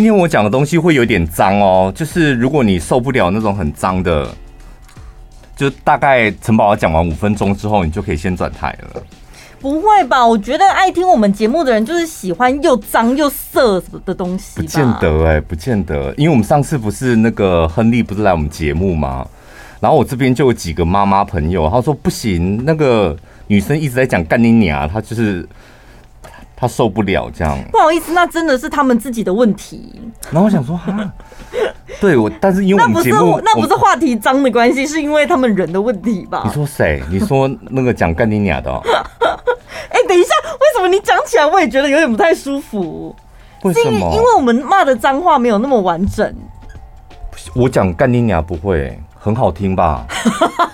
今天我講的東西會有點髒哦，就是如果你受不了那種很髒的，就大概城寶我講完五分鐘之後，你就可以先轉台了。不會吧？我覺得愛聽我們節目的人就是喜歡又髒又色的東西。不見得哎、欸，不見得，因為我們上次不是那個亨利不是來我們節目嗎？然後我這邊就有幾個媽媽朋友，她說不行，那個女生一直在講幹你娘啊，她就是。他受不了這樣。不好意思，那真的是他們自己的問題。然後我想說，哈 對，我但是因為我們節目，那不是我那不是話題髒的關係，我是因為他們人的問題吧？你說誰？你說那個講幹尼亞的，喔？哎、 欸，等一下，為什麼你講起來我也覺得有點不太舒服？為什麼？因為我們罵的髒話沒有那麼完整。我講幹尼亞不會。很好聽吧？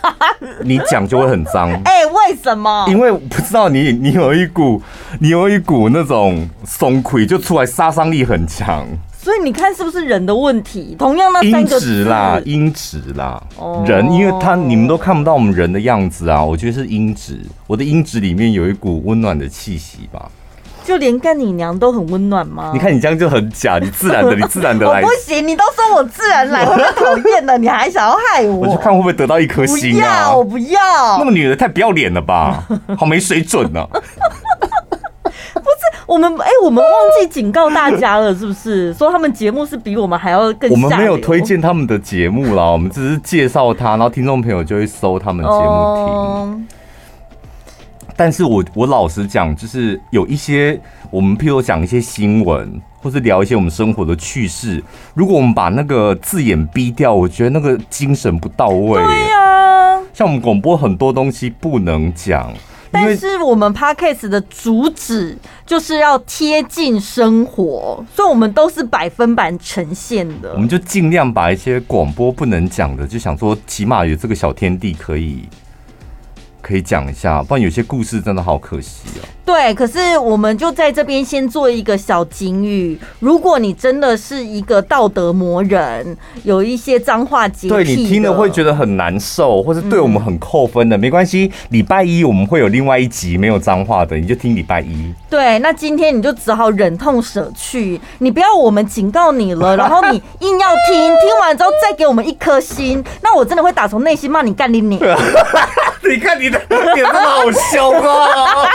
你講就會很髒。哎、欸，為什麼？因為我不知道你，你有一股，你有一股那種松潰，就出來殺傷力很強。所以你看是不是人的問題？同樣的音質啦，音質啦，哦、人，因為他你們都看不到我們人的樣子啊。我覺得是音質，我的音質裡面有一股溫暖的氣息吧。就連幹你娘都很溫暖嗎？你看你這樣就很假，你自然的，你自然的來。 我不行，你都說我自然來我都討厭了。你還想要害我？我去看會不會得到一顆心啊。不要，我不要。那麼女的太不要臉了吧？好沒水準呢、啊。 不是我們哎、欸，我們忘記警告大家了，是不是？ 說他們節目是比我們還要更。我們沒有推薦他們的節目啦，我們只是介紹他，然後聽眾朋友就會搜他們節目聽。嗯但是我我老實講，就是有一些我們，譬如講一些新聞，或是聊一些我們生活的趣事。如果我們把那個字眼逼掉，我覺得那個精神不到位。對呀，像我們廣播很多東西不能講，但是我們 podcast 的主旨就是要貼近生活，所以我們都是百分百呈現的。我們就盡量把一些廣播不能講的，就想說，起碼有這個小天地可以。可以講一下，不然有些故事真的好可惜哦。對，可是我們就在這邊先做一個小警語。如果你真的是一個道德魔人，有一些髒話潔癖，對你聽了會覺得很難受，或者對我們很扣分的，嗯、沒關係。禮拜一我們會有另外一集沒有髒話的，你就聽禮拜一。對，那今天你就只好忍痛捨去，你不要我們警告你了，然後你硬要聽， 聽完之後再給我們一顆心，那我真的會打從內心罵你幹你你。 你看你。你真的好兇啊！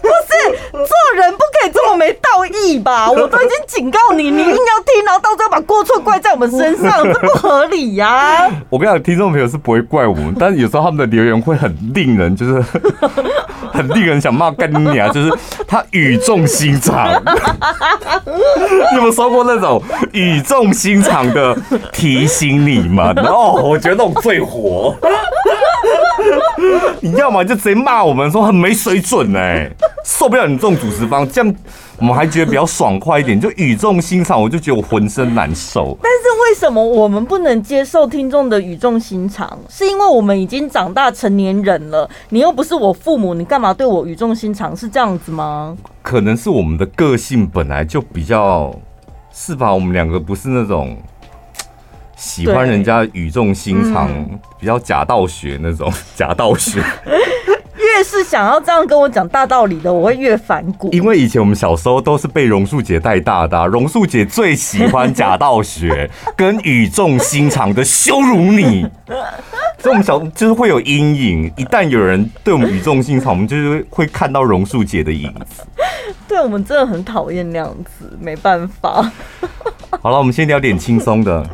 不是做人不可以這麼沒道義吧？我都已經警告你，你硬要聽，然後到最後把過錯怪在我們身上，這不合理呀、啊！我跟你講，聽眾朋友是不會怪我們，但是有時候他們的留言會很令人就是呵呵。很令人想罵幹你娘啊！就是他語重心長， 你們收過那種語重心長的提醒你們哦，我覺得那種最火。 你要麼就直接罵我們說很沒水準哎，受不了你這種主持方這樣。我們還覺得比較爽快一點，就語重心長，我就覺得我渾身難受。 但是為什麼我們不能接受聽眾的語重心長？是因為我們已經長大成年人了，你又不是我父母，你幹嘛對我語重心長？是這樣子嗎？可能是我們的個性本來就比較是吧？我們兩個不是那種喜歡人家語重心長、比較假道學那種假道學。對 是想要這樣跟我講大道理的，我會越反骨。因為以前我們小時候都是被榕樹姐帶大的啊，榕樹姐最喜歡假道學跟語重心長的羞辱你，所以我們小就是會有陰影。一旦有人對我們語重心長，我們就是會看到榕樹姐的影子。對，我們真的很討厭那樣子，沒辦法。好了，我們先聊點輕鬆的。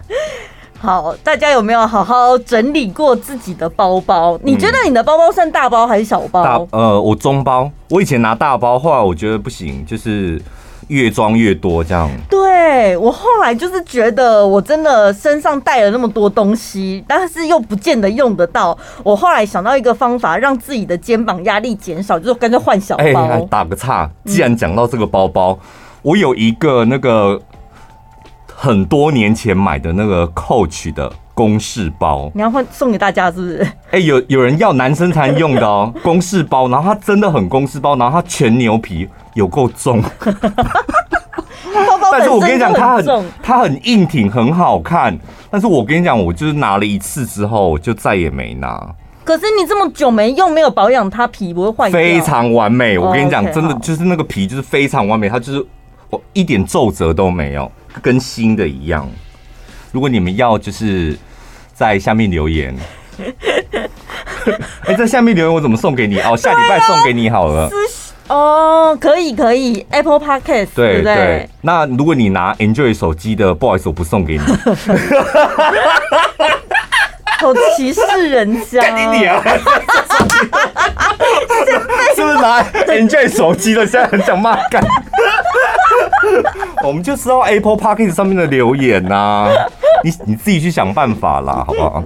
好，大家有沒有好好整理過自己的包包？你覺得你的包包算大包還是小包？大、嗯，呃，我中包。我以前拿大包的話，後來我覺得不行，就是越裝越多這樣。對，我後來就是覺得，我真的身上帶了那麼多東西，但是又不見得用得到。我後來想到一個方法，讓自己的肩膀壓力減少，就是乾脆換小包。哎、欸欸，打個岔，既然講到這個包包，嗯、我有一個那個，很多年前買的那個 Coach 的公事包，你要換送給大家是不是？哎、欸，有，有人要，男生才能用的哦， 公事包，然後它真的很公事包，然後它全牛皮，有夠重。 包包重 但是，我跟你講，它很它很硬挺，很好看。但是，我跟你講，我就是拿了一次之後，我就再也沒拿。可是你這麼久沒用，沒有保養，它皮不會壞？非常完美，我跟你講，oh, okay, 真的好就是那個皮就是非常完美，它就是我一點皺褶都沒有。跟新的一樣。如果你們要，就是在下面留言。哎、 欸，在下面留言我怎麼送給你？哦，下禮拜送給你好了。啊、哦，可以可以，Apple Podcast 對。對，對對對。那如果你拿 Enjoy 手機的， 不好意思，我不送給你。 好歧視人家！是不是拿 Enjoy 手機的？現在很想罵幹。 我們就知道 Apple Podcast 上面的留言啊，你，你你自己去想辦法啦，好不好？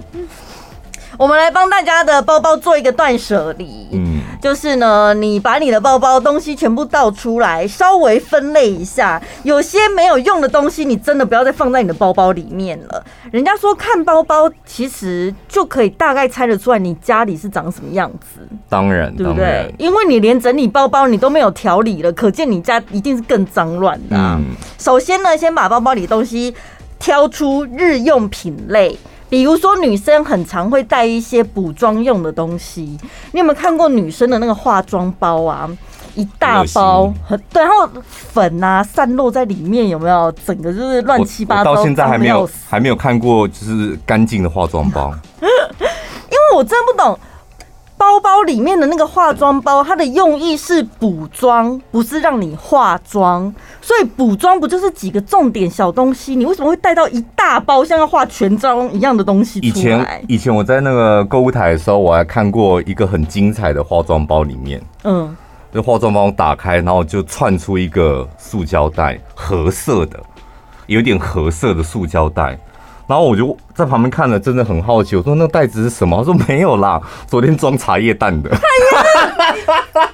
我們來幫大家的包包做一個斷捨離，嗯，就是呢，你把你的包包東西全部倒出來，稍微分類一下，有些沒有用的東西，你真的不要再放在你的包包裡面了。人家說看包包，其實就可以大概猜得出來你家裡是長什麼樣子，當然，對不對？因為你連整理包包你都沒有調理了，可見你家一定是更髒亂的啊。嗯，首先呢，先把包包裡的東西挑出日用品類。比如說，女生很常會帶一些補妝用的東西。你有沒有看過女生的那個化妝包啊？一大包，很很，對，然後粉啊散落在裡面有沒有？整個就是亂七八糟。我到現在還沒有還沒有看過就是乾淨的化妝包， 因為我真不懂。包包裡面的那個化妝包，它的用意是補妝，不是讓你化妝。所以補妝不就是幾個重點小東西？你為什麼會帶到一大包像要化全妝一樣的東西出來？以前以前我在那個購物台的時候，我還看過一個很精彩的化妝包，裡面，嗯，這化妝包打開，然後就竄出一個塑膠袋，褐色的，有點褐色的塑膠袋。然後我就在旁邊看了，真的很好奇。我說：“那個袋子是什麼？”他說：“沒有啦，昨天裝茶葉蛋的。”哎呀，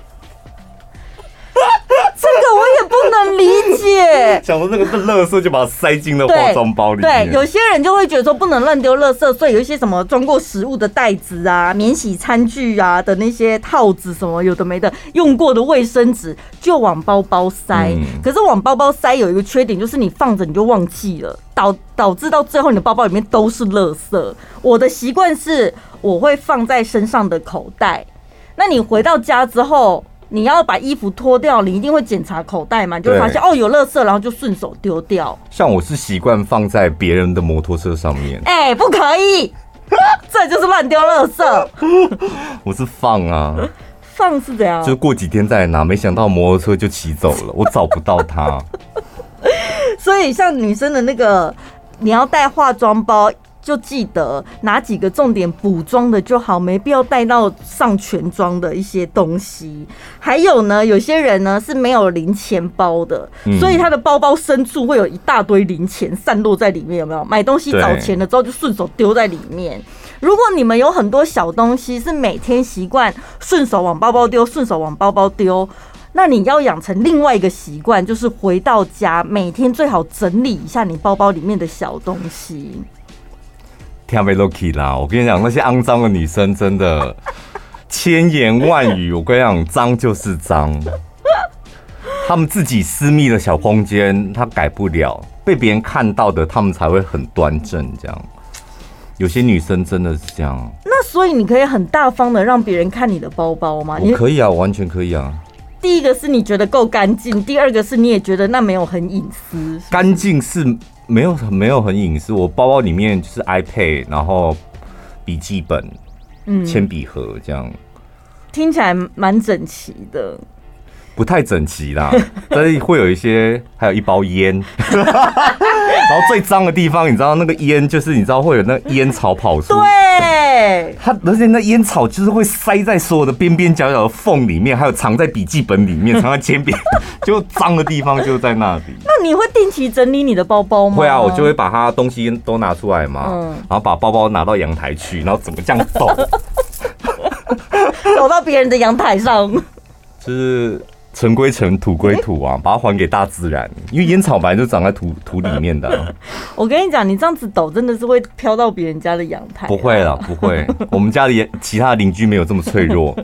這個我也不能理解。想說那個是垃圾，就把它塞進了化妝包裡面對。對，有些人就會覺得說不能亂丟垃圾，所以有一些什麼裝過食物的袋子啊、免洗餐具啊的那些套子什麼，有的沒的，用過的衛生紙就往包包塞。嗯、可是往包包塞有一個缺點，就是你放着你就忘記了。導導致到最後，你的包包裡面都是垃圾。我的習慣是，我會放在身上的口袋。那你回到家之後，你要把衣服脫掉，你一定會檢查口袋嘛，你就發現哦，有垃圾，然後就順手丟掉。像我是習慣放在別人的摩托車上面。哎、欸，不可以， 這就是亂丟垃圾。 我是放啊，放是 怎樣？就過幾天再拿，沒想到摩托車就騎走了，我找不到它。 所以，像女生的那個，你要帶化妝包，就記得拿幾個重點補妝的就好，沒必要帶到上全妝的一些東西。還有呢，有些人呢是沒有零錢包的，所以他的包包深處會有一大堆零錢散落在裡面，嗯、有沒有？買東西找錢了之後就順手丟在裡面。對，如果你們有很多小東西，是每天習慣順手往包包丟，順手往包包丟。那你要養成另外一個習慣，就是回到家每天最好整理一下你包包裡面的小東西。天啊，被 lucky 啦！我跟你講，那些骯髒的女生真的千言萬語。我跟你講，髒就是髒， 她們自己私密的小空間她改不了，被別人看到的，她們才會很端正。這樣，有些女生真的是這樣。那所以你可以很大方的讓別人看你的包包嗎？我可以啊，完全可以啊。第一個是你覺得夠乾淨，第二個是你也覺得那沒有很隱私是不是？乾淨是沒有很沒有很隱私，我包包裡面就是 iPad，然後筆記本、鉛筆盒這樣，嗯，聽起來蠻整齊的。不太整齊啦，但是會有一些，還有一包煙， 然後最髒的地方，你知道那個煙就是你知道會有那個煙草跑出，對，它、嗯、而且那煙草就是會塞在所有的邊邊角角的縫裡面，還有藏在筆記本裡面，藏在鉛筆， 就髒的地方就在那裡。那你會定期整理你的包包嗎？會啊，我就會把它東西都拿出來嘛，嗯、然後把包包拿到陽台去，然後怎麼這樣抖，抖 到別人的陽台上，就是。塵歸塵，土歸土啊，把它還給大自然。因為菸草本來就長在土土裡面的、啊。 我跟你講，你這樣子抖，真的是會飄到別人家的陽台、啊。不會了，不會。 我們家裡其他鄰居沒有這麼脆弱。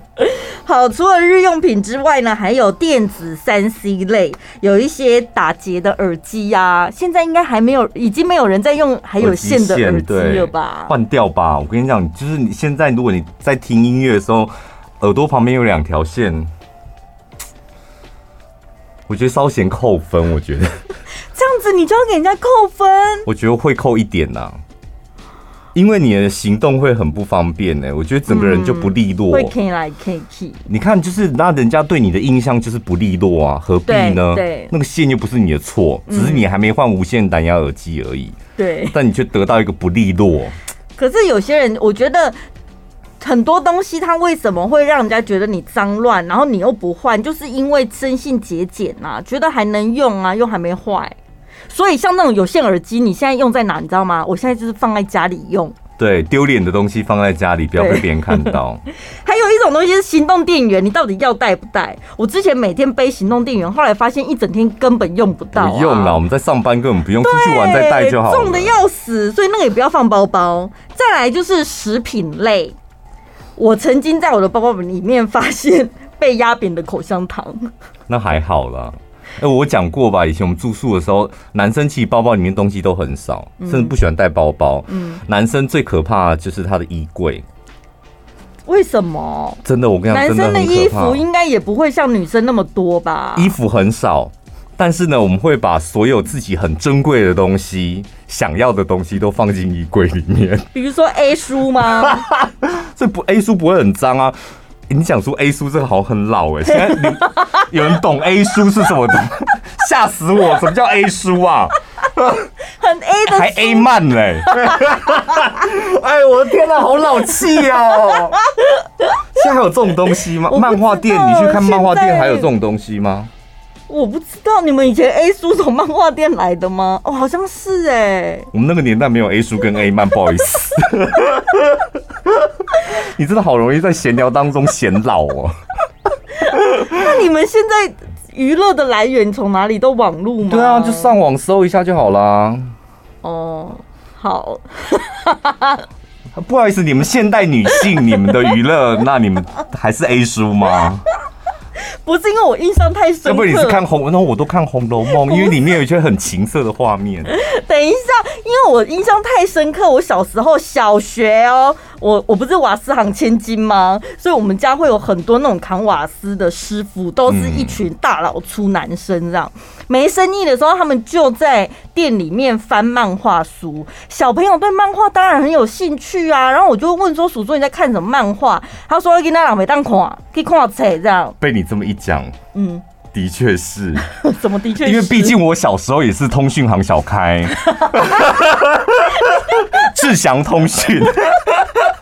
好，除了日用品之外呢，還有電子三 C 類，有一些打結的耳機呀、啊，現在應該還沒有，已經沒有人在用還有線的耳機了吧？換掉吧。我跟你講，就是你現在如果你在聽音樂的時候，耳朵旁邊有兩條線，我覺得稍嫌扣分，我覺得這樣子你就要給人家扣分。 我覺得會扣一點吶、啊，因為你的行動會很不方便呢、欸。我覺得整個人就不利落，會 key 來 key 去。你看，就是那人家對你的印象就是不利落啊，何必呢？對，那個線又不是你的錯，只是你還沒換無線藍牙耳機而已。對，但你卻得到一個不利落。可是有些人，我覺得。很多東西它為什麼會讓人家覺得你髒亂，然後你又不換，就是因為生性節儉啊，覺得還能用啊，又還沒壞。所以像那種有線耳機，你現在用在哪？你知道嗎？我現在就是放在家裡用。對，丟臉的東西放在家裡，不要被別人看到。對 還有一種東西是行動電源，你到底要帶不帶？我之前每天背行動電源，後來發現一整天根本用不到啊。不用了，我們在上班根本不用出去玩對再帶就好了。重的要死，所以那個也不要放包包。 再來就是食品類。我曾經在我的包包裡面發現被壓扁的口香糖，那還好啦。哎、欸，我講過吧，以前我們住宿的時候，男生其實包包裡面東西都很少，嗯、甚至不喜歡帶包包。嗯，男生最可怕的就是他的衣櫃，為什麼？真的，我跟你講，真的，男生的衣服應該也不會像女生那麼多吧？衣服很少。但是呢，我們會把所有自己很珍貴的東西、想要的東西都放進衣櫃裡面。比如說 A 書嗎？這 不 A 書不會很髒啊？欸、你想說 A 書這個好很老哎、欸！現在你 有人懂 A 書是什麼的？嚇死我！什麼叫 A 書啊？很 A 的，還 A 漫嘞、欸！ 哎，我的天哪、啊，好老氣哦、喔、現在還有這種東西嗎？漫畫店，你去看漫畫店還有這種東西嗎？我不知道你們以前 A 書從漫畫店來的嗎？哦，好像是哎、欸。我們那個年代沒有 A 書跟 A 漫， 不好意思。 你真的好容易在閒聊當中顯老哦。 那你們現在娛樂的來源從哪裡？都網絡嗎？對啊，就上網搜一下就好啦。哦，好。 不好意思，你們現代女性，你們的娛樂， 那你們還是 A 書嗎？不是因為我印象太深刻，要不你是看《紅》，那我都看《紅樓夢》，因為裡面有一些很情色的畫面。等一下，因為我印象太深刻，我小時候小學哦、喔。我我不是瓦斯行千金嗎？所以，我們家會有很多那種扛瓦斯的師傅，都是一群大老粗男生這樣。沒生意的時候，他們就在店裡面翻漫畫書。小朋友對漫畫當然很有興趣啊。然後我就問說：“叔叔，你在看什麼漫畫？”他說：“跟他兩沒當款，可以看冊這樣。”被你這麼一講，嗯，的確是。什 麼的確？因為畢竟我小時候也是通訊行小開，志 祥通訊。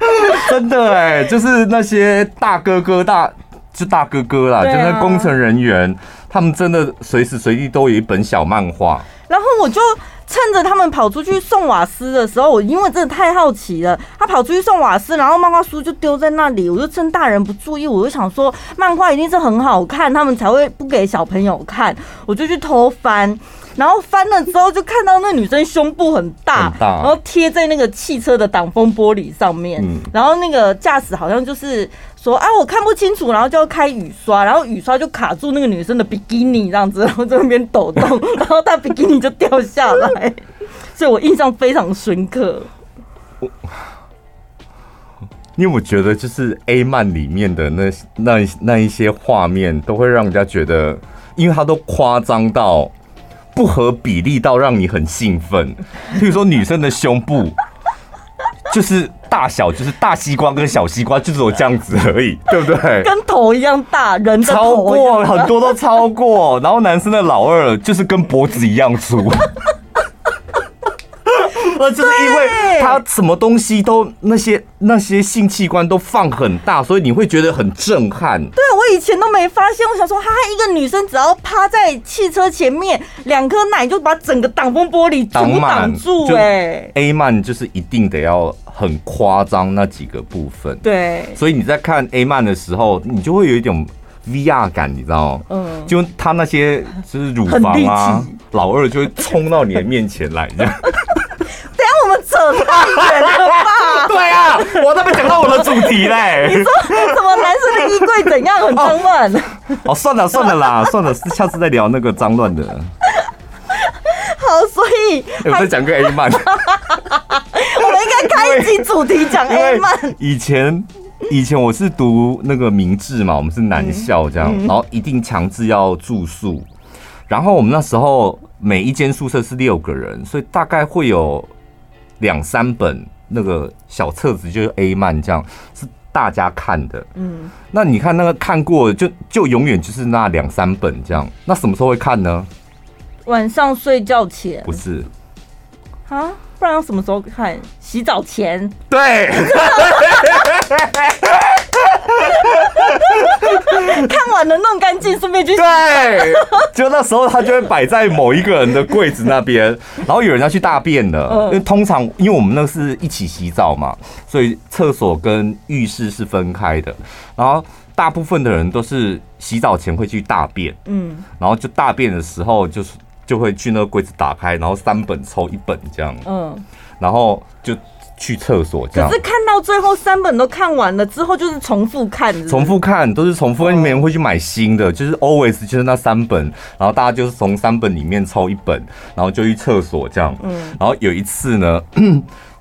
真的哎、欸，就是那些大哥哥大，是大哥哥啦，就那工程人員，他們真的隨時隨地都有一本小漫畫。然後我就趁着他們跑出去送瓦斯的時候，我因為真的太好奇了，他跑出去送瓦斯，然後漫畫書就丟在那裡，我就趁大人不注意，我就想說漫畫一定是很好看，他們才會不給小朋友看，我就去偷翻。然後翻了之後，就看到那女生胸部很大，然後貼在那個汽車的擋風玻璃上面。然後那個駕駛好像就是說啊，我看不清楚，然後就要開雨刷，然後雨刷就卡住那個女生的比基尼這樣子，然後在那邊抖動，然後她比基尼就掉下來。所以我印象非常深刻。我因為我覺得就是 A 漫裡面的那那那一些畫面，都會讓人家覺得，因為他都誇張到。不合比例到讓你很興奮，比如說女生的胸部，就是大小就是大西瓜跟小西瓜，就只有這樣子而已，對不對？跟頭一樣大，人超過很多都超過，然後男生的老二就是跟脖子一樣粗。 那就是因為他什麼東西都那些那些性器官都放很大，所以你會覺得很震撼。對，我以前都沒發現。我想說，哈哈，一個女生只要趴在汽車前面，兩顆奶就把整個擋風玻璃擋擋住、欸。對 A 漫就是一定得要很誇張那幾個部分。對，所以你在看 A 漫的時候，你就會有一種 VR 感，你知道嗎？嗯，就他那些就是乳房啊，老二就會衝到你的面前來這樣。 對啊，我都沒講到我的主題嘞。 你說什麼男生的衣櫃怎樣很髒亂、哦？哦，算了算了啦，算了，下次再聊那個髒亂的。好，所以、欸、我再講個 A 漫。 我們應該開一集主題講 A 漫。以前以前我是讀那個明治嘛，我們是男校這樣，嗯嗯、然後一定強制要住宿，然後我們那時候每一間宿舍是六個人，所以大概會有。兩三本那個小冊子，就是 A 漫這樣，是大家看的。嗯，那你看那個看過，就就永遠就是那兩三本這樣。那什麼時候會看呢？晚上睡覺前。不是，啊？不然要什麼時候看？洗澡前。對。 看完了弄乾淨，順便去。對，就那時候他就會擺在某一個人的櫃子那邊，然後有人要去大便了，因為通常因為我們那是一起洗澡嘛，所以廁所跟浴室是分開的，然後大部分的人都是洗澡前會去大便，嗯，然後就大便的時候就是就會去那個櫃子打開，然後三本抽一本這樣，嗯，然後就。去廁所這樣，可是看到最後三本都看完了之後，就是重複看是不是？重複看都是重複，裡面會去買新的，uh huh. 就是 always 就是那三本，然後大家就是從三本裡面抽一本，然後就去廁所這樣，嗯，然後有一次呢，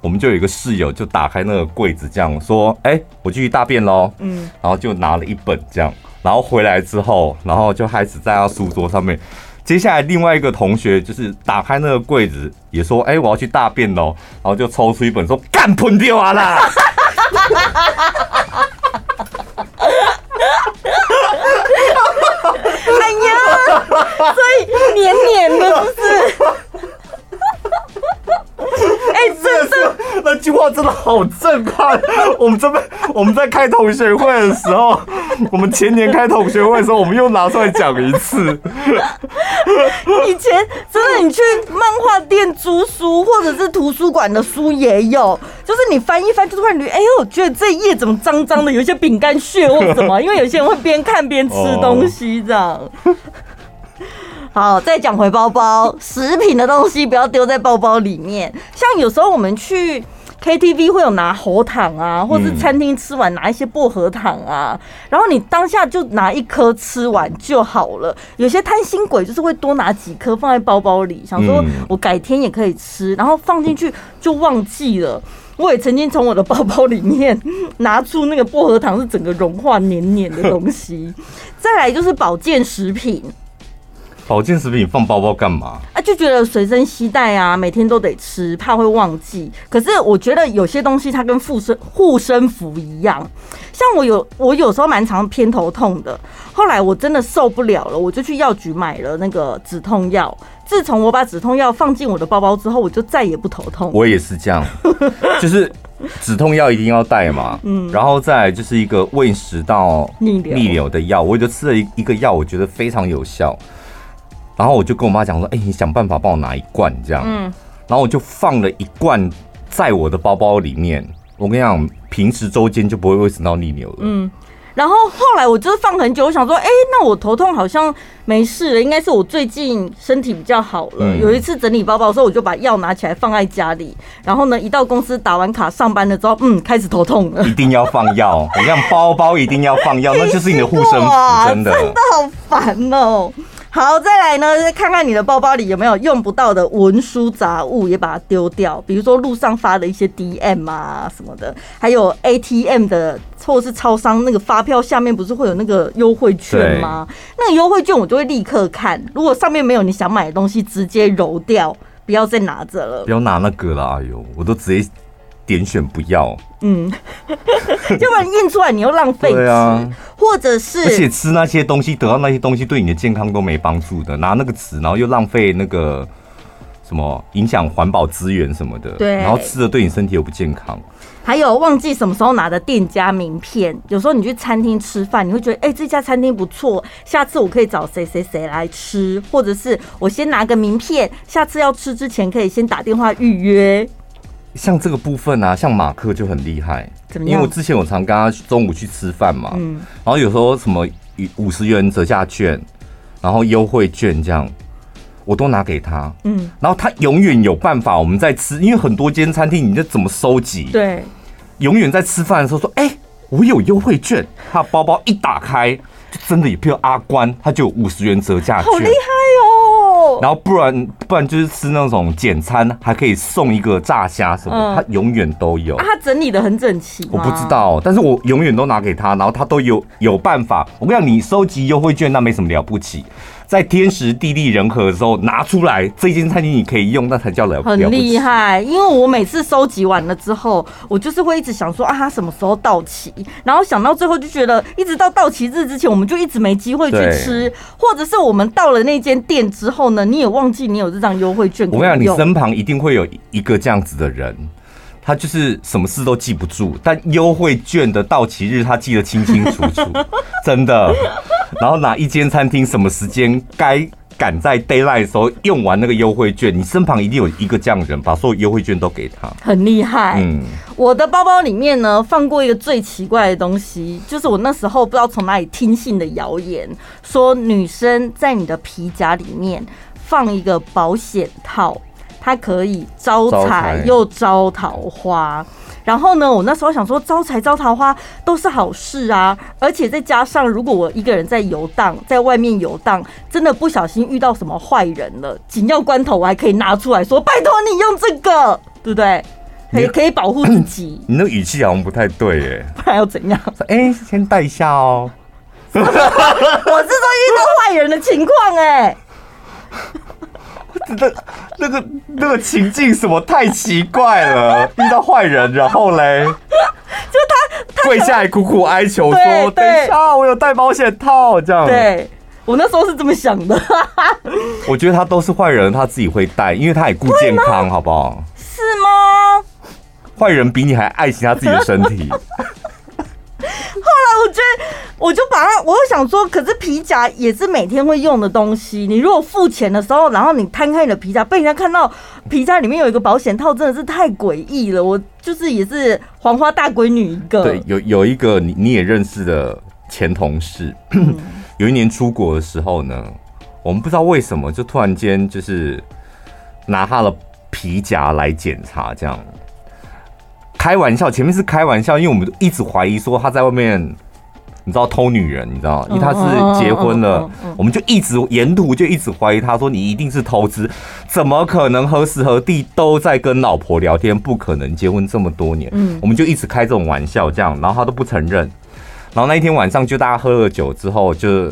我們就有一個室友就打開那個櫃子這樣說，哎、欸，我去大便嘍，嗯，然後就拿了一本這樣，然後回來之後，然後就開始在他書桌上面。接下來另外一個同學就是打開那個櫃子，也說：“哎、欸，我要去大便嘍。”然後就抽出一本說：“幹噴掉啊啦！”哈哈、 哎呀、所以黏黏的哈哈 哎，欸、真的，真的是那句話真的好震撼。 我們這邊，我們在開同學會的時候，我們前年開同學會的時候，我們又拿出來講一次。 以前真的，是不是你去漫畫店租書或者是圖書館的書也有，就是你翻一翻就，就突然覺得哎呦，我覺得這頁怎麼髒髒的，有一些餅乾屑或者什麼， 因為有些人會邊看邊吃東西這樣。Oh. 好，再講回包包，食品的東西不要丟在包包裡面。像有時候我們去 KTV 會有拿喉糖啊，或是餐廳吃完拿一些薄荷糖啊，然後你當下就拿一顆吃完就好了。有些貪心鬼就是會多拿幾顆放在包包裡，想說我改天也可以吃，然後放進去就忘記了。我也曾經從我的包包裡面拿出那個薄荷糖，是整個融化黏黏的東西。再來就是保健食品。保健食品放包包幹嘛？啊，就覺得隨身攜帶啊，每天都得吃，怕會忘記。可是我覺得有些東西它跟護身護身符一樣，像我有我有時候蠻常偏頭痛的，後來我真的受不了了，我就去藥局買了那個止痛藥。自從我把止痛藥放進我的包包之後，我就再也不頭痛。我也是這樣， 就是止痛藥一定要帶嘛。嗯，然後再就是一個胃食道逆逆流的藥，我就吃了一一個藥，我覺得非常有效。然後我就跟我媽講說：“哎、欸，你想辦法幫我拿一罐這樣。”嗯，然後我就放了一罐在我的包包裡面。我跟你講，平時週間就不會胃食道逆流了。嗯，然後後來我就是放很久，我想說：“哎、欸，那我頭痛好像沒事了，應該是我最近身體比較好了。嗯”有一次整理包包的時候，我就把藥拿起來放在家裡。然後呢，一到公司打完卡上班了之後，嗯，開始頭痛了。一定要放藥，好像 包包一定要放藥，那就是你的護身符，啊、真的真的好煩哦。好，再來呢，再看看你的包包裡有沒有用不到的文書雜物，也把它丟掉。比如說路上發的一些 DM 啊什麼的，還有 ATM 的或者是超商那個發票下面不是會有那個優惠券嗎？對那個優惠券我就會立刻看，如果上面沒有你想買的東西，直接揉掉，不要再拿着了。不要拿那個了，哎呦，我都直接點選不要。嗯，要不然印出來你又浪費吃， 啊、或者是而且吃那些東西得到那些東西對你的健康都沒幫助的，拿那個紙，然後又浪費那個什麼影響環保資源什麼的，對，然後吃了對你身體又不健康。還有忘記什麼時候拿的店家名片，有時候你去餐廳吃飯，你會覺得哎、欸、這家餐廳不錯，下次我可以找誰誰誰來吃，或者是我先拿個名片，下次要吃之前可以先打電話預約。像這個部分啊，像馬克就很厲害，因為我之前我常跟他中午去吃飯嘛，嗯，然後有時候什麼五十元折價券，然後優惠券這樣，我都拿給他，嗯，然後他永遠有辦法我們在吃，因為很多間餐廳你在怎麼收集，對，永遠在吃飯的時候說，哎、欸，我有優惠券，他包包一打開就真的，比如阿關他就有五十元折價券，好厲害哦。然後不然不然就是吃那種簡餐，還可以送一個炸蝦什麼，嗯、他永遠都有。啊，他整理得很整齊。我不知道，但是我永遠都拿給他，然後他都有有辦法。我跟你講，你，收集優惠券那沒什麼了不起。在天時地利人和的時候拿出來，這間餐廳你可以用，那才叫冷很厲害。因為我每次收集完了之後，我就是會一直想說啊，它什麼時候到期？然後想到最後就覺得，一直到到期日之前，我們就一直沒機會去吃，或者是我們到了那間店之後呢，你也忘記你有這張優惠券。我跟你講，對，你身旁一定會有一個這樣子的人。他就是什麼事都記不住，但優惠券的到期日他記得清清楚楚， 真的。然後哪一間餐廳什麼時間該趕在 deadline 的時候用完那個優惠券，你身旁一定有一個這樣的人，把所有優惠券都給他，很厲害。嗯，我的包包裡面呢，放過一個最奇怪的東西，就是我那時候不知道從哪裡聽信的謠言，說女生在你的皮夾裡面放一個保險套。它可以招財又招桃花，然後呢，我那時候想說，招財招桃花都是好事啊，而且再加上，如果我一個人在遊蕩，在外面遊蕩，真的不小心遇到什麼壞人了，緊要關頭我還可以拿出來說，拜托你用這個，對不對？可以你可以保護自己。你那語氣好像不太對耶，不然要怎樣？哎，先帶一下哦。 我是說遇到壞人的情況哎。 那那個那個情境什麼太奇怪了，遇到壞人然後嘞，就他，他跪下來苦苦哀求說：“對對等一下，我有帶保險套。”這樣，對，我那時候是這麼想的。 我覺得他都是壞人，他自己會帶，因為他也顧健康，對嗎？好不好？是嗎？壞人比你還愛惜他自己的身體。 後來，我覺得我就，我就把它，我想說，可是皮夾也是每天會用的東西。你如果付錢的時候，然後你攤開你的皮夾，被人家看到皮夾裡面有一個保險套，真的是太詭異了。我就是也是黃花大閨女一個。對，有有一個你你也認識的前同事， 有一年出國的時候呢，我們不知道為什麼就突然間就是拿他的皮夾來檢查，這樣。開玩笑，前面是開玩笑，因為我們都一直懷疑說他在外面，你知道偷女人，你知道因為他是結婚了，嗯嗯嗯嗯、我們就一直沿途就一直懷疑他，說你一定是偷吃，怎麼可能何時何地都在跟老婆聊天？不可能結婚這麼多年，嗯，我們就一直開這種玩笑這樣，然後他都不承認，然後那一天晚上就大家喝了酒之後，就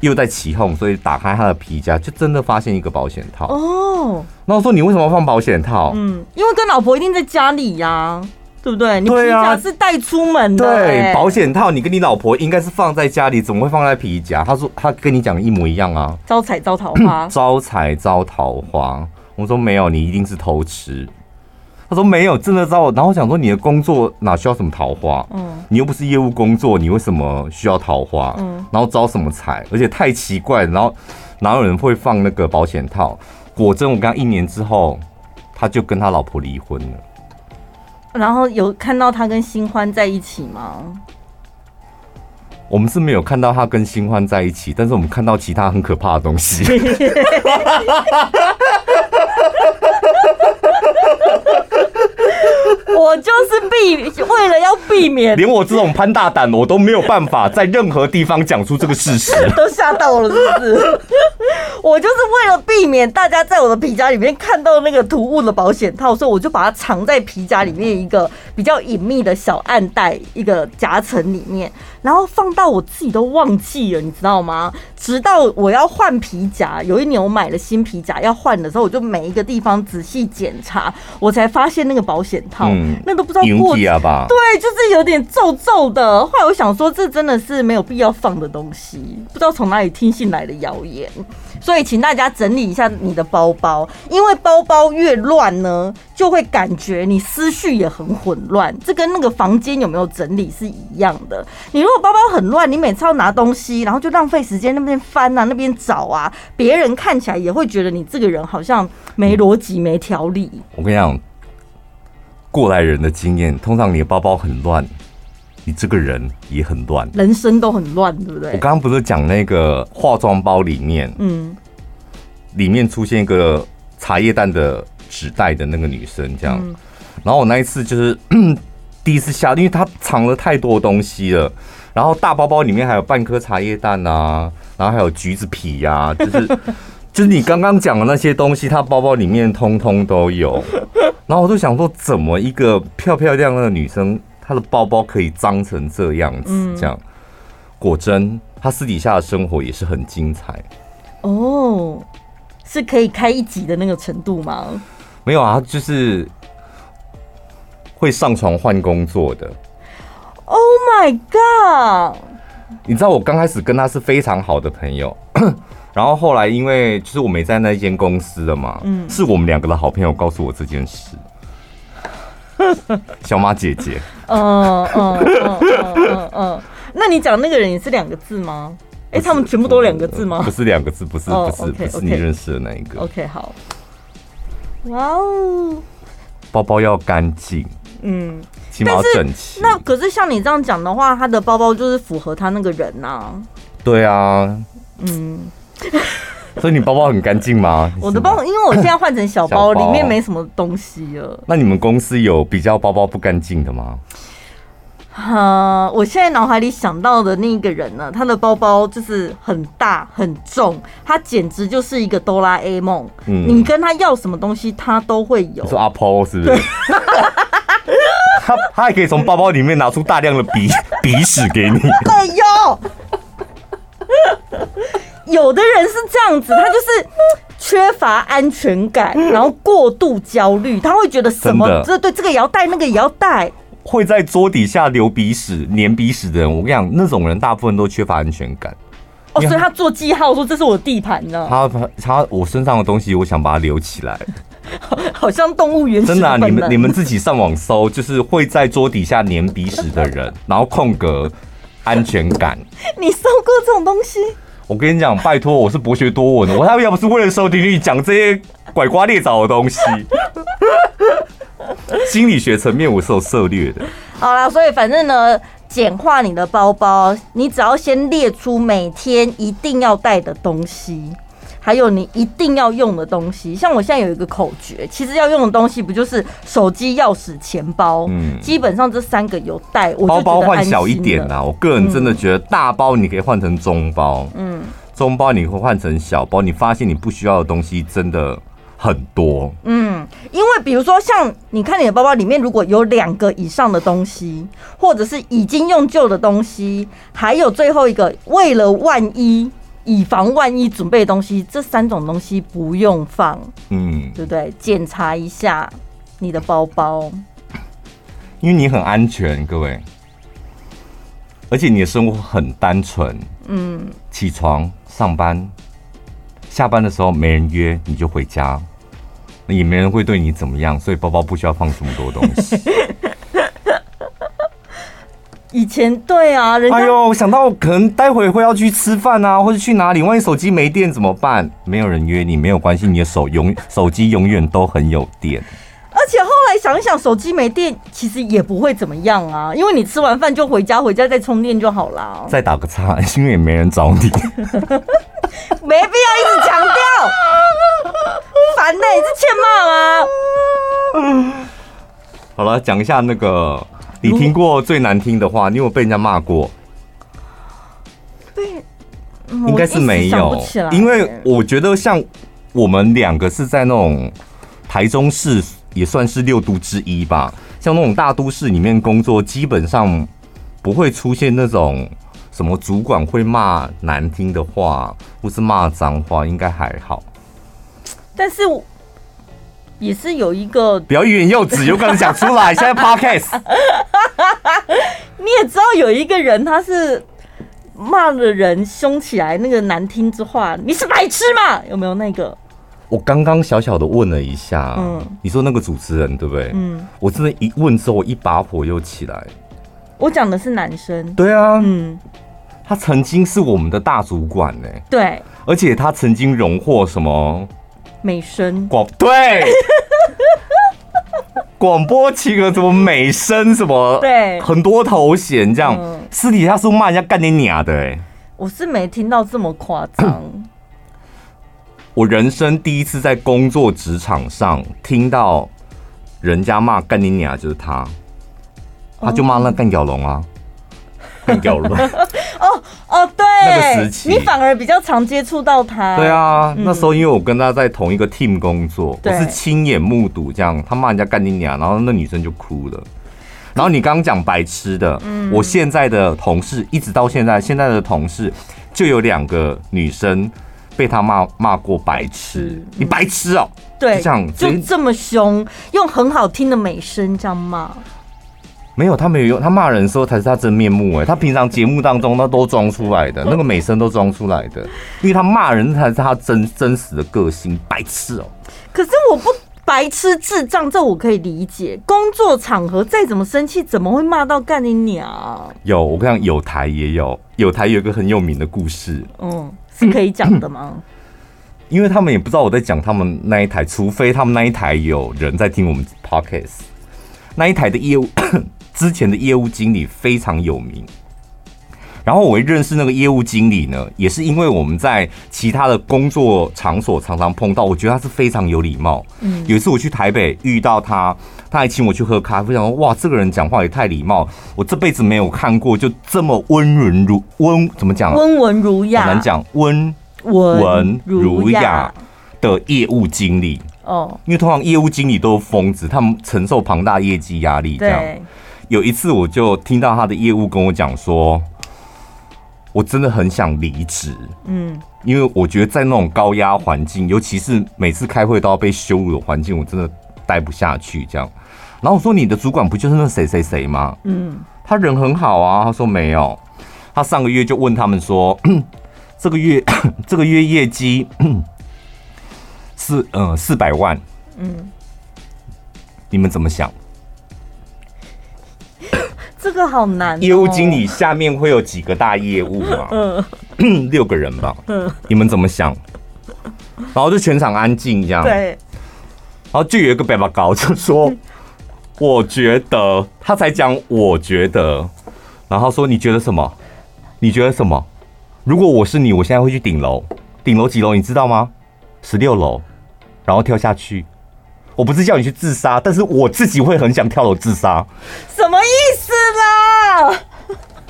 又在起哄，所以打開他的皮夾，就真的發現一個保險套哦。那我、oh. 說，你為什麼要放保險套？嗯，因為跟老婆一定在家裡呀、啊，對不對？你皮夾是帶出門的、欸對啊。對，保險套你跟你老婆應該是放在家裡，怎麼會放在皮夾？他說他跟你講一模一樣啊，招財招桃花，招財招桃花。我說沒有，你一定是偷吃。他說沒有，真的招我。然後我想說，你的工作哪需要什麼桃花？嗯，你又不是業務工作，你為什麼需要桃花？嗯，然後招什麼財？而且太奇怪了。然後哪有人會放那個保險套？果真，我跟他一年之後，他就跟他老婆離婚了。然後有看到他跟新歡在一起嗎？我們是沒有看到他跟新歡在一起，但是我們看到其他很可怕的東西。我就是避為了要避免，連我這種潘大膽，我都沒有辦法在任何地方講出這個事實， 都嚇到了，是不是？我就是為了避免大家在我的皮夾裡面看到那個突兀的保險套，所以我就把它藏在皮夾裡面一個比較隱秘的小暗袋一個夾層裡面，然後放。到我自己都忘記了，你知道嗎？直到我要換皮夾，有一年我買了新皮夾，要換的時候，我就每一個地方仔細檢查，我才發現那個保險套，嗯、那都不知道過，啊、吧？對，就是有點皺皺的。後來我想說，這真的是沒有必要放的東西，不知道從哪裡聽信來的謠言。所以，請大家整理一下你的包包，因為包包越亂呢，就會感覺你思緒也很混亂。這跟那個房間有沒有整理是一樣的。你如果包包很，亂，你每次要拿東西，然後就浪費時間那邊翻啊，那邊找啊，別人看起來也會覺得你這個人好像沒邏輯、嗯、沒條理。我跟你講，過來人的經驗，通常你的包包很亂，你這個人也很亂，人生都很亂，對不對？我剛剛不是講那個化妝包裡面，嗯，裡面出現一個茶葉蛋的紙袋的那個女生，這樣。嗯、然後我那一次就是、嗯、第一次下，因為她藏了太多東西了。然後大包包裡面還有半顆茶葉蛋啊，然後還有橘子皮呀，啊，就是 就是你剛剛講的那些東西，他包包裡面通通都有。然後我就想說，怎麼一個漂漂亮亮的女生，她的包包可以髒成這樣子？嗯、這樣果真，她私底下的生活也是很精彩哦，是可以開一集的那個程度嗎？沒有啊，就是會上床換工作的。Oh my god！你知道我剛開始跟他是非常好的朋友， 然後後來因為就是我沒在那間公司的嘛，嗯、是我們兩個的好朋友告訴我這件事。 小馬姐姐，嗯嗯嗯嗯嗯， 那你講的那個人也是兩個字嗎？哎，他們全部都兩個字嗎？不是兩個字，不是，不是，不是你認識的那一個。OK，好。哇、wow、哦！包包要乾淨。嗯。但是那可是像你這樣講的話，他的包包就是符合他那個人吶、啊。對啊，嗯， 所以你包包很乾淨嗎？ 我的包，因為我現在換成小包，小包裡面沒什麼東西了。那你們公司有比較包包不乾淨的嗎？哈、呃，我現在腦海裡想到的那一個人呢，他的包包就是很大很重，他簡直就是一個哆啦 A 夢。嗯，你跟他要什麼東西，他都會有。你說阿泡是不是？ 他他還可以從包包裡面拿出大量的鼻鼻屎給你。哎呦，有的人是這樣子，他就是缺乏安全感，然後過度焦慮，他會覺得什麼？這對這個也要帶，那個也要帶。會在桌底下留鼻屎、粘鼻屎的人，我跟你講，那種人大部分都缺乏安全感。哦，所以他做記號說這是我的地盤呢。他他我身上的東西，我想把它留起來。好像動物園真的、啊，你們你們自己上網搜，就是會在桌底下粘鼻屎的人，然後空格安全感。你搜過這種東西？我跟你講，拜託，我是博學多聞，我他們要不是為了收聽率講這些拐瓜裂棗的東西，心 理學層面我是有涉獵的。好啦，所以反正呢，簡化你的包包，你只要先列出每天一定要帶的東西。還有你一定要用的東西，像我現在有一個口訣，其實要用的東西不就是手機、鑰匙、錢包，嗯，基本上這三個有帶。我包包換小一點啦，我個人真的覺得大包你可以換成中包，嗯，中包你會換成小包，你發現你不需要的東西真的很多。嗯，嗯，因為比如說像你看你的包包裡面如果有兩個以上的東西，或者是已經用舊的東西，還有最後一個，為了萬一。以防萬一，準備的東西，這三種東西不用放，嗯，對不對？檢查一下你的包包，因為你很安全，各位，而且你的生活很單純，嗯，起床上班，下班的時候沒人約你就回家，也沒人會對你怎麼樣，所以包包不需要放這麼多東西。 以前對啊，人家。哎呦，想到可能待會會要去吃飯啊，或者去哪裡，萬一手機沒電怎麼辦？沒有人約你，沒有關係，你的手，手，手機永手機永遠都很有電。而且後來想一想，手機沒電其實也不會怎麼樣啊，因為你吃完飯就回家，回家再充電就好了。再打個叉，因為也沒人找你， 沒必要一直強調，煩的，你是欠罵嗎？好了，講一,、啊、 一下那個。你聽過最難聽的話？你有，有被人家罵過？被應該是沒有，因為我覺得像我們兩個是在那種台中市，也算是六都之一吧。像那種大都市裡面工作，基本上不會出現那種什麼主管會罵難聽的話，或是罵髒話，應該還好。但是我。也是有一個比較欲言又止，有可能想出來。 現在 Podcast 你也知道有一個人，他是罵的人兇起來那個難聽之話，你是白痴嗎？有沒有那個？我剛剛小小的問了一下，嗯，你說那個主持人對不對？嗯，我真的一問之後，我一把火又起來。我講的是男生，對啊，嗯，他曾經是我們的大主管呢、欸，對，而且他曾經榮獲什麼？美聲廣廣對，廣 播級的什麼美聲什麼對，很多頭銜這樣。私底下是罵人家幹你娘的哎、欸，我是沒聽到這麼誇張 。我人生第一次在工作職場上聽到人家罵幹你娘，就是他，他就罵那幹鳥龍啊，幹鳥龍。 哦哦，oh, oh, 對，那個時期你反而比較常接觸到他。對啊，嗯、那時候因為我跟他在同一個 team 工作，對我是親眼目睹，這樣他罵人家幹你娘，然後那女生就哭了。然後你剛剛講白痴的，對我現在的同事、嗯、一直到現在，現在的同事就有兩個女生被他罵罵過白痴，嗯、你白痴哦、喔，對，就這樣就這麼兇，用很好聽的美聲這樣罵。沒有，他沒有用，他罵人的時候才是他真面目哎，他平常節目當中，他都裝出來的，那個美聲都裝出來的，因為他罵人才是他真真實的個性，白痴哦、喔。可是我不白痴，智障這我可以理解。工作場合再怎麼生氣，怎麼會罵到幹你鳥、啊？有，我跟你講，有台也有，有台有一個很有名的故事，嗯，是可以講的嗎 ？因為他們也不知道我在講他們那一台，除非他們那一台有人在聽我們 podcast 那一台的業務。 之前的業務經理非常有名，然後我認識那個業務經理呢，也是因為我們在其他的工作場所常常碰到。我覺得他是非常有禮貌。嗯，有一次我去台北遇到他，他還請我去喝咖啡。然後哇，這個人講話也太禮貌，我這輩子沒有看過就這麼溫潤如溫，怎麼講？溫文儒雅，啊，難講溫文儒雅的業務經理哦。因為通常業務經理都是瘋子，他們承受龐大業績壓力，這樣。有一次，我就聽到他的業務跟我講說：“我真的很想離職，嗯，因為我覺得在那種高壓環境，尤其是每次開會都要被羞辱的環境，我真的待不下去。”這樣，然後我說：“你的主管不就是那誰誰誰嗎？”嗯，他人很好啊。他說：“沒有，他上個月就問他們說，這個月這個月業績是嗯四百萬，嗯，你們怎麼想？”這個好難哦。業務經理下面會有幾個大業務啊？嗯，六個人吧。嗯，你們怎麼想？然後就全場安靜，這樣。對。然後就有一個爸爸高就說：“我覺得他才講我覺得。”然後說：“你覺得什麼？你覺得什麼？如果我是你，我現在會去頂樓。頂樓幾樓？你知道嗎？十六樓。然後跳下去。我不是叫你去自殺，但是我自己會很想跳樓自殺。什麼意思？”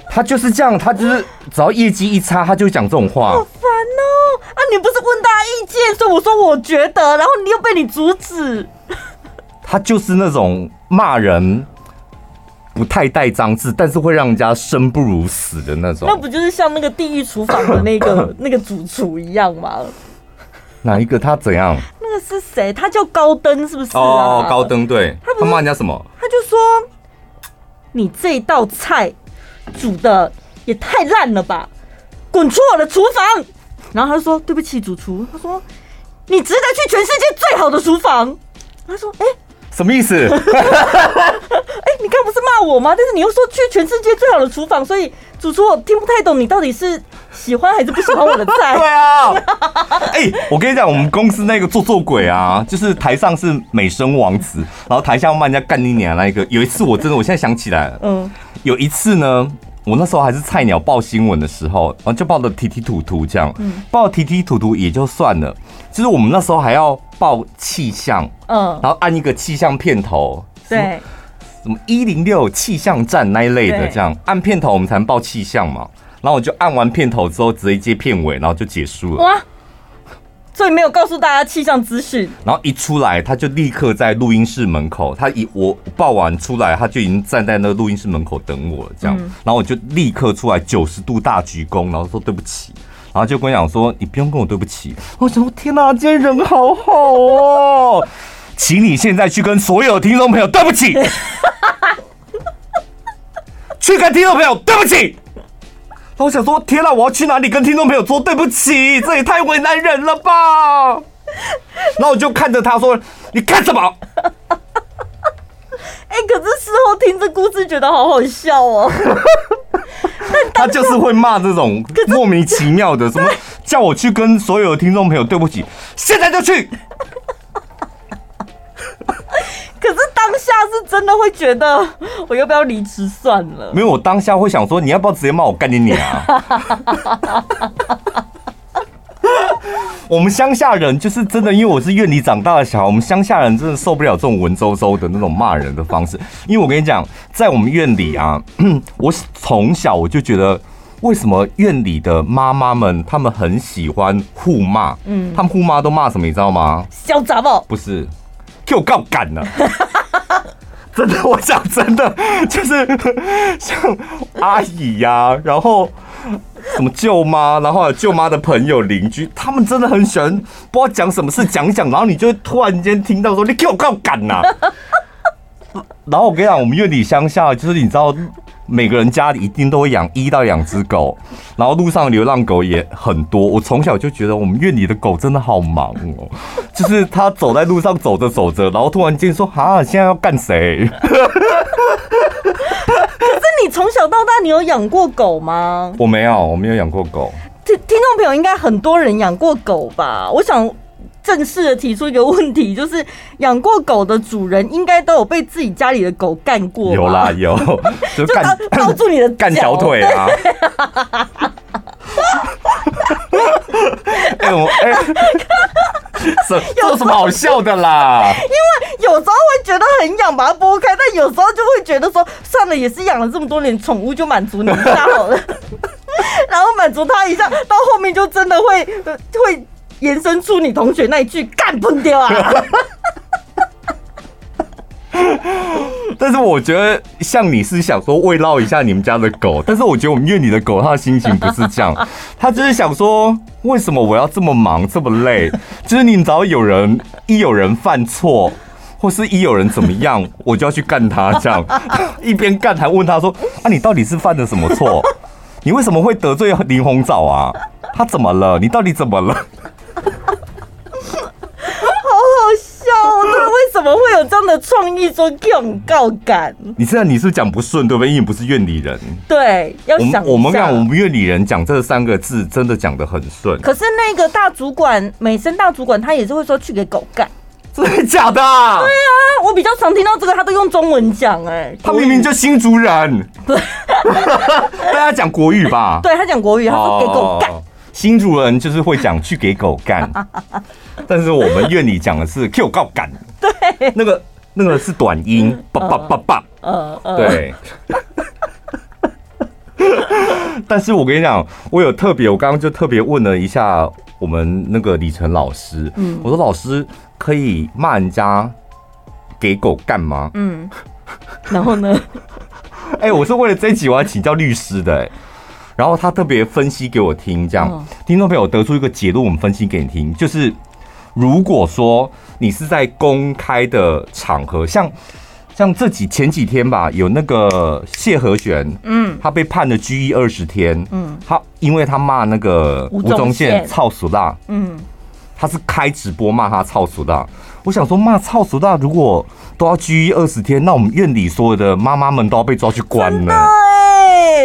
他就是這樣，他就是只要業績一差，他就講這種話，好煩哦、喔！啊，你不是問大家意見，所以我說我覺得，然後你又被你阻止。他就是那種罵人，不太帶髒字，但是會讓人家生不如死的那種。那不就是像那個地獄廚房的那個 那個主廚一樣嗎？哪一個？他怎樣？那個是誰？他叫高登，是不是、啊？哦，高登，對。他罵人家什麼？他就說：“你這道菜。”煮的也太爛了吧！滾出我的廚房！然後他就說：“對不起，主廚。”他說：“你值得去全世界最好的廚房。”他說、欸：“哎，什麼意思？” 欸、你剛不是罵我嗎？但是你又說去全世界最好的廚房，所以主廚我聽不太懂你到底是。喜歡還是不喜歡我的菜？對啊，哎，我跟你講，我們公司那個做作鬼啊，就是台上是美聲王子，然後台下罵人家幹你娘那一個。有一次我真的，我現在想起來，嗯，有一次呢，我那時候還是菜鳥報新聞的時候，然後就報的提提吐吐這樣，嗯，報提提吐吐也就算了，就是我們那時候還要報氣象，嗯，然後按一個氣象片頭，對，什麼一零六氣象站那一類的這樣，按片頭我們才能報氣象嘛。然後我就按完片頭之後，直接接片尾，然後就結束了。哇！所以沒有告訴大家氣象資訊。然後一出來，他就立刻在錄音室門口。他以我報完出來，他就已經站在那個錄音室門口等我了。這樣，嗯、然後我就立刻出來九十度大鞠躬，然後說對不起。然後就跟我講說：“你不用跟我對不起。我說”我想，我天哪，今天人好好哦， 請你現在去跟所有聽眾朋友對不起， 去跟聽眾朋友對不起。我想說，天哪！我要去哪裡跟聽眾朋友說對不起？這也太為難人了吧！然後我就看着他說：“你看什麼？”哎，可是事後聽着故事覺得好好笑哦。他就是會罵這種莫名其妙的，什麼叫我去跟所有的聽眾朋友對不起？現在就去。可是當下是真的會覺得，我要不要離職算了？沒有，我當下會想說，你要不要直接罵我幹你娘啊？我們鄉下人就是真的，因為我是院裡長大的小孩，我們鄉下人真的受不了這種文縐縐的那種罵人的方式。 因為我跟你講，在我們院裡啊，我從小我就覺得，為什麼院裡的媽媽們他們很喜歡互罵？嗯，他們互罵都罵什麼？你知道嗎？囂張哦，不是。舅告感呢？ 真的，我講真的，就是像阿姨呀、啊，然後什麼舅媽，然後舅媽的朋友、鄰居，他們真的很喜歡，不知道講什麼事，講講，然後你就突然間聽到說：“你給我告感吶！”然後我跟你講，我們院裡鄉下就是你知道，每個人家裡一定都會養一到兩隻狗，然後路上流浪狗也很多。我從小就覺得我們院裡的狗真的好忙哦，就是他走在路上走着走着，然後突然間說：“啊，現在要幹誰？”可是你從小到大你有養過狗嗎？我沒有，我沒有養過狗。聽聽眾朋友應該很多人養過狗吧？我想。正式的提出一個問題，就是養過狗的主人應該都有被自己家裡的狗幹過。有啦，有就包包 住你的幹小腿啊！哎哎，這有、欸、 什,什麼好笑的啦？因為有時候會覺得很癢，把它撥開；但有時候就會覺得說，算了，也是養了這麼多年寵物，就滿足你一下好了， 然後滿足他一下，到後面就真的會會。延伸出你同學那一句“幹不掉啊”， 但是我覺得像你是想說慰勞一下你們家的狗，但是我覺得我們虐你的狗，他的心情不是這樣，他就是想說，為什麼我要這麼忙這麼累？就是你只要有人一有人犯錯，或是一有人怎麼樣，我就要去幹他這樣，一邊幹還問他說：“啊，你到底是犯了什麼錯？你為什麼會得罪林紅棗啊？他怎麼了？你到底怎麼了？”怎麼會有這樣的創意做給狗幹？你知道你是講不順對不對？因為你不是院裡人。對，要想我們講我們院裡人講這三個字真的講的很順。可是那個大主管美聲大主管，他也是會說去給狗幹，是真的假的，啊？對啊，我比較常聽到這個，他都用中文講哎、欸，他明明就新竹人，對，他講國語吧？對他講國語，他說給狗幹。Oh. 新主人就是會講去給狗幹， 但是我們院裡講的是 “q 告幹”，對，那個那個是短音，叭叭叭叭，嗯、呃、對。 但是，我跟你講，我有特別，我剛剛就特別問了一下我們那個李晨老師，嗯，我說老師可以罵人家給狗幹嗎？ 嗯，然後呢？哎，我是為了這一集我要請教律師的，哎。然後他特別分析給我聽，這樣聽眾朋友得出一個結論，我們分析給你聽，就是如果說你是在公開的場合，像像這幾前幾天吧，有那個謝和弦，嗯，他被判了拘役二十天，嗯，他因為他罵那個吳宗憲操俗大，嗯，他是開直播罵他操俗大，嗯，我想說罵操俗大如果都要拘役二十天，那我們院裡所有的媽媽們都要被抓去關了。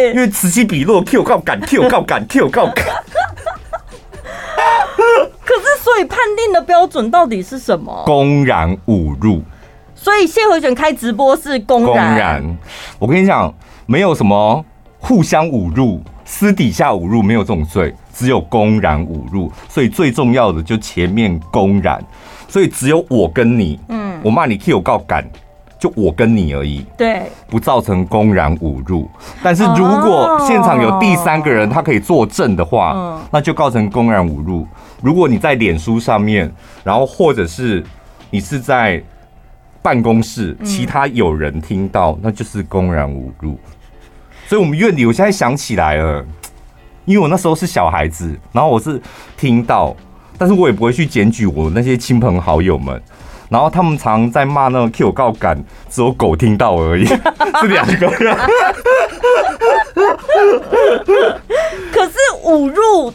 對 因為此起彼落，Q 告敢，Q 告敢，Q 告敢。感感可是，所以判定的標準到底是什麼？ 公然侮辱。所以謝和弦開直播是公然。公然。我跟你講，沒有什麼互相侮辱，私底下侮辱沒有這種罪，只有公然侮辱。所以最重要的就前面公然。所以只有我跟你，嗯，我罵你 Q 告敢。就我跟你而已，對，不造成公然侮辱。但是如果現場有第三個人，他可以作證的話，那就構成公然侮辱。如果你在臉書上面，然後或者是你是在辦公室，其他有人聽到，那就是公然侮辱。所以，我們院裡，我現在想起來了，因為我那時候是小孩子，然後我是聽到，但是我也不會去檢舉我那些親朋好友們。然後他們常在罵那種 Q 告感，只有狗聽到而已， 是兩個人。可是侮辱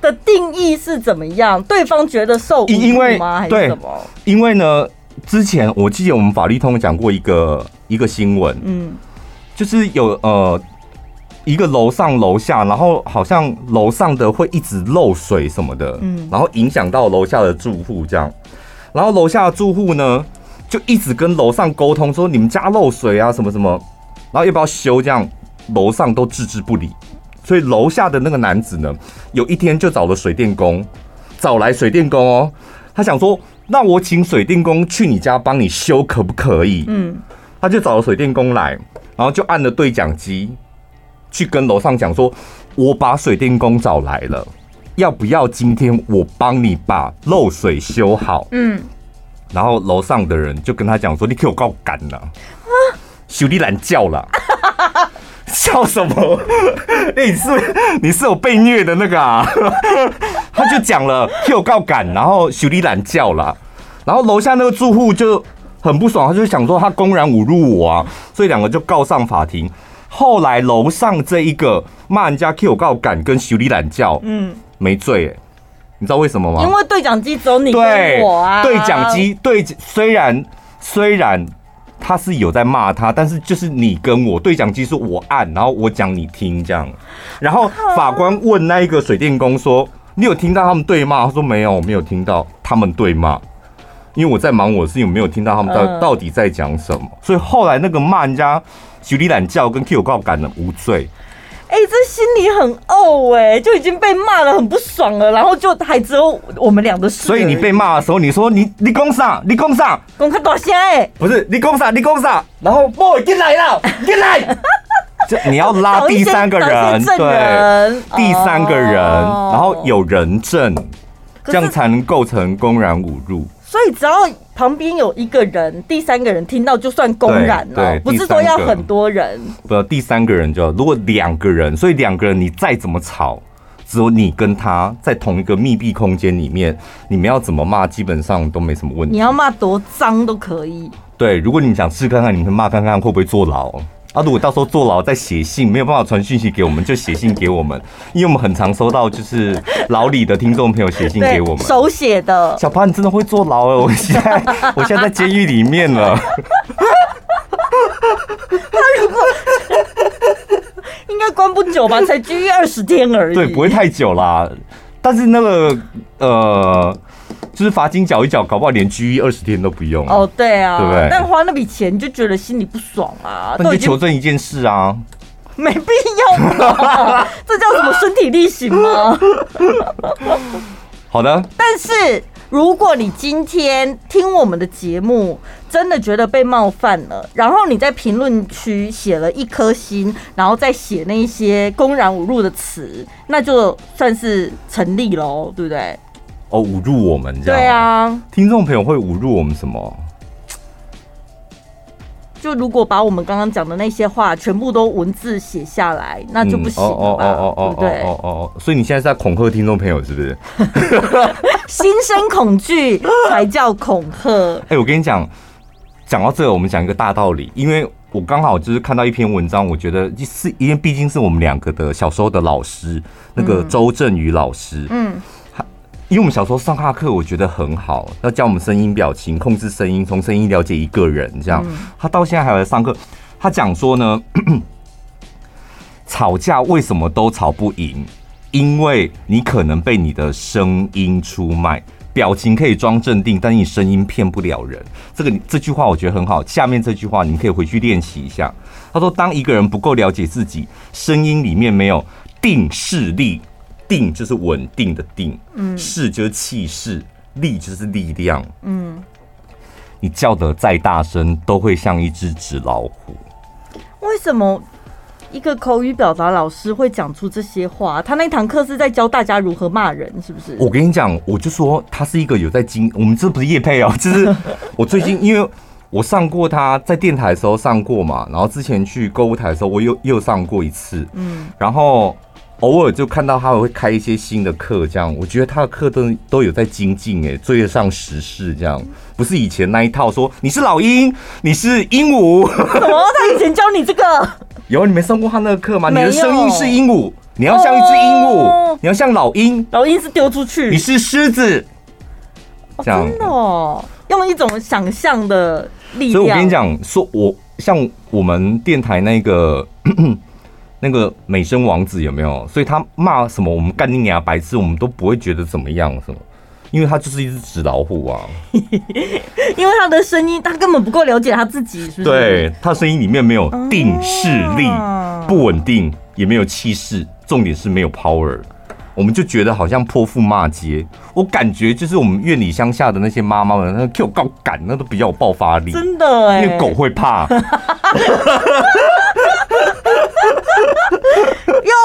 的定義是怎麼樣？對方覺得受因為嗎？還是什麼？因為呢？之前我記得我們法律通講過一個一個新聞，嗯，就是有呃一個樓上樓下，然後好像樓上的會一直漏水什麼的，嗯，然後影響到樓下的住戶這樣。然後樓下的住戶呢，就一直跟樓上溝通，說你們家漏水啊，什麼什麼，然後要不要修？這樣樓上都置之不理。所以樓下的那個男子呢，有一天就找了水電工，找來水電工哦，他想說，那我請水電工去你家幫你修，可不可以？嗯，他就找了水電工來，然後就按了對講機，去跟樓上講說，我把水電工找來了。要不要今天我幫你把漏水修好？嗯，然後樓上的人就跟他講說：“你 Q 告趕了，修利懶叫了，叫什麼？哎，你是你是有被虐的那個啊？”他就講了 Q 告趕，然後修利懶叫了，然後樓下那個住戶就很不爽，他就想說他公然侮辱我啊，所以兩個就告上法庭。後來樓上這一個罵人家 Q 告趕跟修利懶叫，嗯。沒罪耶，你知道為什麼嗎？因為對講機只有你跟我啊。對，對講機對，雖然雖然他是有在罵他，但是就是你跟我對講機是我按，然後我講你聽這樣，然後法官問那一個水電工說，你有聽到他們對罵？他說沒有，我沒有聽到他們對罵，因為我在忙我，我是有沒有聽到他們到、嗯、到底在講什麼？所以後來那個罵人家里懶覺跟 Q 告感染無罪。哎、欸，這心裡很慪、oh、哎、欸，就已經被罵了，很不爽了，然後就還只有我們倆的事。所以你被罵的時候，你說你你講啥，你講啥，講個大聲哎、欸，不是你講啥，你講啥，然後 boy 進來了，進來，這你要拉第三個人，人對，哦、第三個人，然後有人證，是這樣才能構成公然侮辱。所以只要。旁邊有一個人，第三個人聽到就算公然了，不是說要很多人。不，第三個人就如果兩個人，所以兩個人你再怎麼吵，只有你跟他在同一個密閉空間裡面，你們要怎麼罵，基本上都沒什麼問題。你要罵多髒都可以。對，如果你想試看看，你們罵看看會不會坐牢。啊！如果到時候坐牢再寫信，沒有辦法傳訊息給我們，就寫信給我們，因為我們很常收到就是牢裡的聽眾朋友寫信給我們，手寫的。小潘，你真的會坐牢哎！我現在，我現在在監獄裡面了。 他如果應該關不久吧，才拘役二十天而已，對，不會太久啦。但是那個呃。就是罰金繳一繳，搞不好連拘役二十天都不用。哦，oh, 對啊，對不對？但花那筆錢，你就覺得心裡不爽啊。那你就求證一件事啊，沒必要了啊。 這叫什麼身體力行嗎？ 好的。但是如果你今天聽我們的節目，真的覺得被冒犯了，然後你在評論區寫了一顆心，然後再寫那一些公然侮辱的詞，那就算是成立嘍，對不對？哦，侮辱我們這樣。對啊，聽眾朋友會侮辱我們什麼？就如果把我們剛剛講的那些話全部都文字寫下來，那就不行了哦，哦，不對？哦哦，所以你現在是在恐嚇聽眾朋友，是不是？心生恐懼才叫恐嚇。哎，我跟你講，講到這，我們講一個大道理，因為我剛好就是看到一篇文章，我覺得第四，因為畢竟是我們兩個的小時候的老師，那個周振宇老師，嗯。因為我們小時候上他課，我覺得很好，要教我們聲音表情控制聲音，從聲音了解一個人。這樣，嗯、他到現在還來上課。他講說呢， 吵架為什麼都吵不贏？因為你可能被你的聲音出賣，表情可以裝鎮定，但你聲音騙不了人。這個這句話我覺得很好。下面這句話你們可以回去練習一下。他說，當一個人不夠了解自己，聲音裡面沒有定勢力。定就是穩定的定，勢、嗯、就是氣勢，力就是力量。嗯，你叫得再大聲，都會像一隻紙老虎。為什麼一個口語表達老師會講出這些話？他那堂課是在教大家如何罵人，是不是？我跟你講，我就說他是一個有在經，我們這不是業配哦、喔，就是我最近，因為我上過他在電台的時候上過嘛，然後之前去購物台的時候，我又又上過一次。嗯，然後。偶爾就看到他會開一些新的課，這樣我覺得他的課都都有在精進，哎，追得上時事這樣，不是以前那一套說你是老鷹，你是鸚鵡， 什麼，他以前教你這個，有你沒上過他那個課嗎？有你的聲音是鸚鵡，你要像一隻鸚鵡，哦、你要像老鷹，老鷹是丟出去，你是獅子，哦哦、這樣真的用一種想象的力，所以我跟你講，說我像我們電台那個。 那個美聲王子有沒有？所以他罵什麼，我們幹你娘、白痴，我們都不會覺得怎麼樣什麼，因為他就是一只紙老虎啊。 因為他的聲音，他根本不夠了解他自己是不是。對，他聲音裡面沒有定勢力，啊、不穩定，也沒有氣勢，重點是沒有 power。我們就覺得好像潑婦罵街。我感覺就是我們院裡鄉下的那些媽媽們，那 Q 高感，那都比較有爆發力。真的哎，那狗會怕。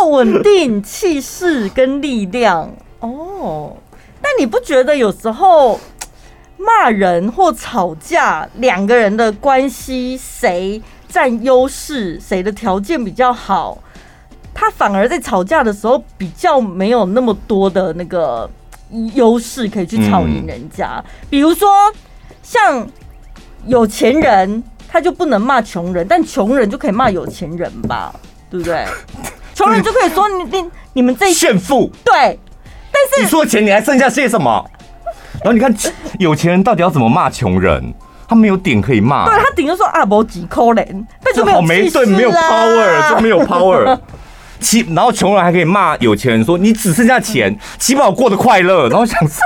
穩定氣勢跟力量哦，oh, 但你不覺得有時候罵人或吵架，兩個人的關係，誰占優勢，誰的條件比較好，他反而在吵架的時候比較沒有那麼多的那個優勢可以去吵贏人家。嗯嗯，比如說，像有錢人他就不能罵窮人，但窮人就可以罵有錢人吧？對不對？ 窮人就可以說你你你們這一炫富對，但是你說錢你還剩下些什麼？然後你看有錢人到底要怎麼罵窮人？他沒有點可以罵。對他頂就說啊，無幾扣人。」但就沒有沒、啊、沒有 power，就沒有 power。然後窮人還可以罵有錢人說你只剩下錢，起碼我過得快樂。然後想說，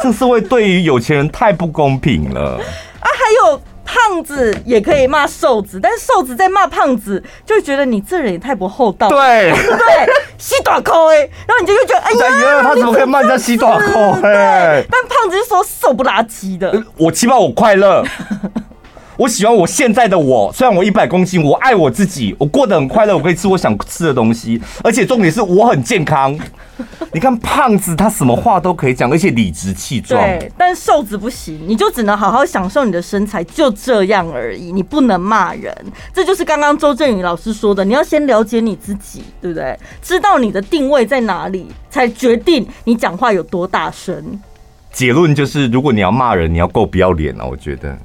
這社會對於有錢人太不公平了。啊，還有。胖子也可以罵瘦子，但是瘦子在罵胖子，就覺得你這人也太不厚道。對 對，西短褲哎，然後你就又覺得哎呀，他怎麼可以罵人家西短褲哎？但胖子就說是瘦不拉幾的，我起碼我快樂。 我喜歡我現在的我，雖然我一百公斤，我愛我自己，我過得很快樂，我可以吃我想吃的東西，而且重點是我很健康。你看胖子他什麼話都可以講，而且理直氣壯。對，但瘦子不行，你就只能好好享受你的身材，就這樣而已。你不能罵人，這就是剛剛周振宇老師說的，你要先了解你自己，對不對？知道你的定位在哪裡，才決定你講話有多大聲。結論就是，如果你要罵人，你要夠不要臉啊！我覺得。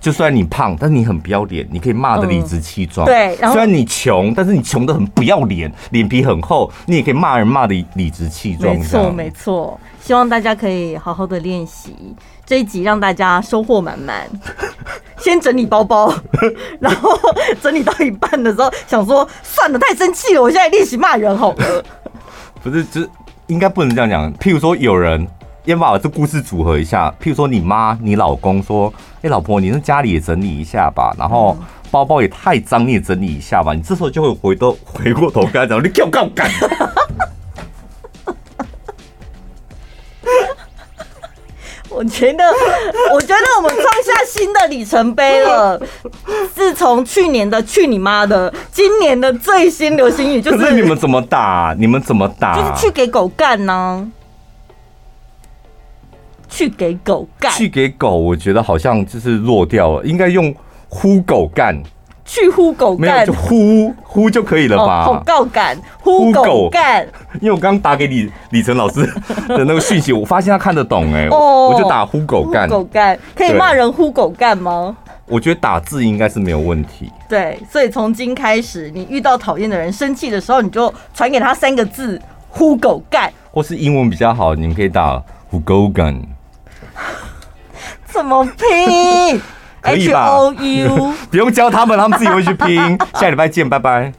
就算你胖，但是你很不要臉，你可以罵的理直氣壯。嗯。對，然後雖然你窮，但是你窮得很不要臉，臉皮很厚，你也可以罵人罵的理直氣壯。沒錯，沒錯。希望大家可以好好的練習這一集，讓大家收穫滿滿。 先整理包包， 然後整理到一半的時候，想說算了，太生氣了，我現在練習罵人好了。 不是，這應該不能這樣講。譬如說，有人。先把這故事組合一下，譬如說你媽、你老公說：“哎、欸，老婆，你在家裡也整理一下吧。”然後包包也太髒，你也整理一下吧。你這時候就會回頭，回過頭幹，然後你給我幹 我覺得，我覺得我們創下新的里程碑了。自從 去年的“去你媽的”，今年的最新流行語就是，是你們怎麼打？你們怎麼打？就是去給狗幹呢、啊？去給狗幹？去給狗，我覺得好像就是弱掉了，應該用呼狗幹。去呼狗幹？沒有，呼呼就可以了吧？呼狗幹，呼狗幹。狗因為我剛打給李李晨老師的那個訊息， 我發現他看得懂哎、欸，哦、我就打呼狗幹。呼狗幹可以罵人？呼狗幹嗎？我覺得打字應該是沒有問題。對，所以從今開始，你遇到討厭的人生氣的時候，你就傳給他三個字：呼狗幹，或是英文比較好，你們可以打呼狗幹。 怎麼拼？可以吧？H-O-U、 不用教他們，他們自己會去拼。 下禮拜見，拜拜。